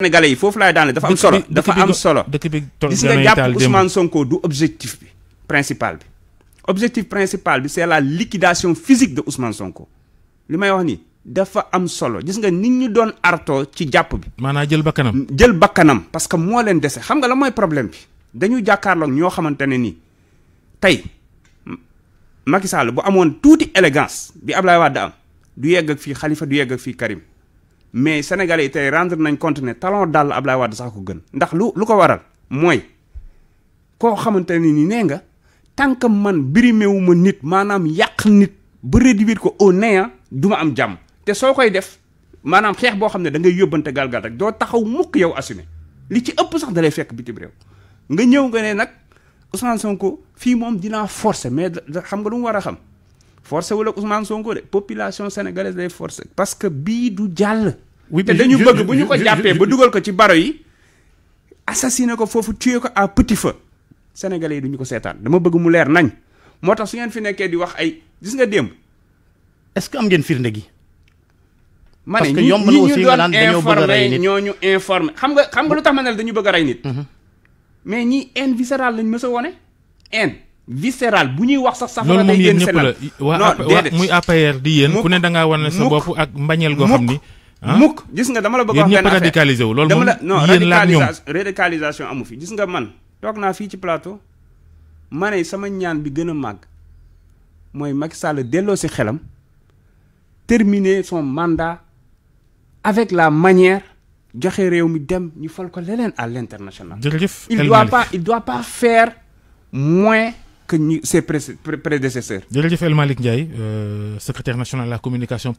sénégalais yi foofu laay daanee dafa am solo dafa am solo gis nga jàpp Ousmane sonkoo du objectif bi principal bi objectif principal bi c'est la liquidation physique de Ousmane Sonko li may wax nii dafa am solo gis nga nit ñu doon arto ci jàpp bi maanaam jël bakkanam jël bakkanam parce que moo leen dese xam nga la mooy problème bi dañu jàkkaarloog ñoo xamante ne nii tey Macky Sall bu amoon tuuti élégance bi Ablaye Wade am du yegg ak fii Khalifa du yegg ak fii Karim mais sénégal yi tey rendre nañ compte ne talon dàll Ablaye Wade sax ko gën ndax lu lu ko waral mooy koo xamante ne ni nee nga tant que man brimé wu ma nit maanaam yàq nit ba réduire ko au néant duma am jàmm te soo koy def maanaam xeex boo xam ne da ngay yóbbante galgal rek doo taxaw mukk yow assumé li ci ëpp sax dalay fekk bitim réew nga ñëw nga ne nag Ousmane fii moom dinaa forcer mais xam nga lu war a xam forcé wul ak Ousmane Sonko de population sénégalaise lay forcé parce que bii du jàll. te dañu bëgg bu ñu ko jàppee ba dugal ko ci baro yi. assassiné ko foofu tué ko à petit fa sénégalais yi duñu ko seetaan dama bëgg mu leer nañ moo tax su ngeen fi nekkee di wax ay gis nga démb. est-ce que am ngeen firnde gi. ma ne ñi ñu doon informé ñoo ñu informé xam nga xam nga lu tax ma ne la dañu bëgg a rey nit. Mhm. mais ñi haine viscérale lañ mës a wone haine. viscéral bu ñuy wax sax safara day génn selal loolu moom yéen muy APR di yéen ku ne da ngaa wane sa ak mbañeel goo xam ni ah? mukk gis nga dama la bëgg a wax benn affaire yéen ñëpp radicalisé wu loolu moom yéen la ak amu fi gis nga man toog naa ci plateau ma sama ñaan bi gën a màgg mooy Macky Sall delloo si xelam terminer son mandat avec la manière joxe réew mi dem ñu fal ko leneen à l'international il doit pas il doit pas faire moins que ñu ses prédécesseurs. jërëjëf El Malick Ndiaye euh, secrétaire à la communication